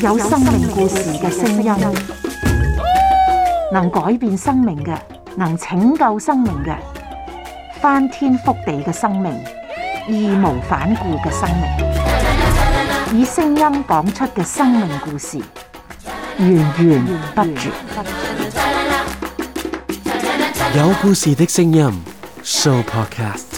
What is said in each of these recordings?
有生命故事嘅聲音，能改變生命嘅，能拯救生命嘅，翻天覆地嘅生命，義無反顧嘅生命，以聲音講出嘅生命故事，源源不絕。有故事嘅聲音，Show Podcast。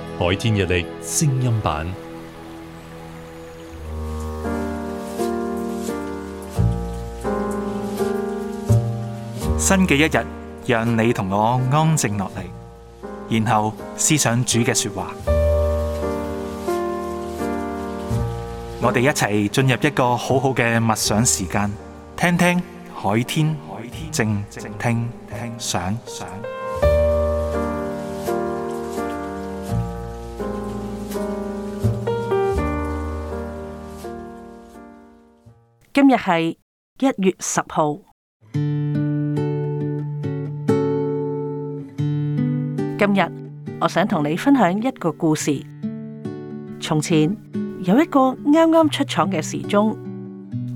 海天日曆聲音版，新嘅一日，讓你同我安靜落嚟，然後思想主嘅說話。我哋一齊進入一個好好嘅默想時間，聽聽海天，海天，靜靜，聽聽想想。今日係一月十號。今日我想同你分享一個故事。從前有一個啱啱出廠嘅時鐘，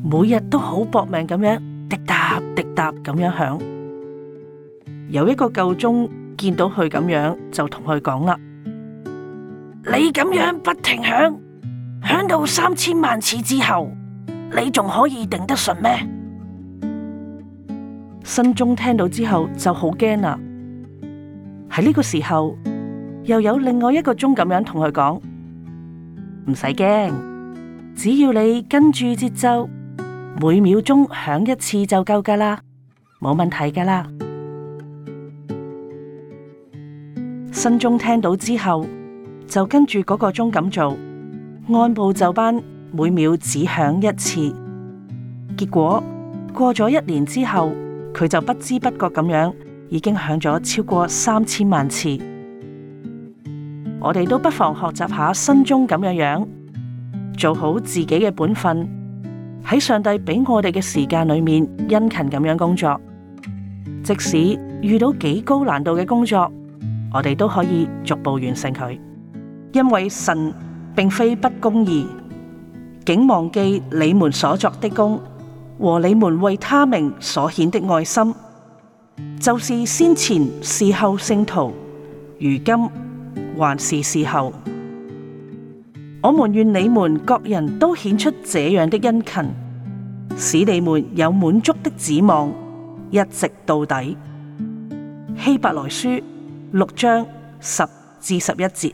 每日都好搏命咁樣滴答滴答咁樣響。有一個舊鐘見到佢咁樣，就同佢講啦：你咁樣不停響，響到三千萬次之後。你仲可以定得順咩？新鐘聽到之後就好驚啦。喺呢個時候，又有另外一個鐘咁樣同佢講：唔使驚，只要你跟住節奏，每秒鐘響一次就夠噶啦，冇問題噶啦。新鐘聽到之後就跟住嗰個鐘咁做，按部就班。每秒只響一次，結果過咗一年之後，佢就不知不覺咁樣已經響咗超過三千萬次。我哋都不妨學習下新鐘咁樣樣，做好自己嘅本分，喺上帝俾我哋嘅時間裏面殷勤咁樣工作。即使遇到幾高難度嘅工作，我哋都可以逐步完成佢，因為神並非不公義。竟忘記你們所作的工和你們為他名所顯的愛心，就是先前伺候聖徒，如今還是伺候。我們願你們各人都顯出這樣的殷勤，使你們有滿足的指望，一直到底。希伯來書六章十至十一節。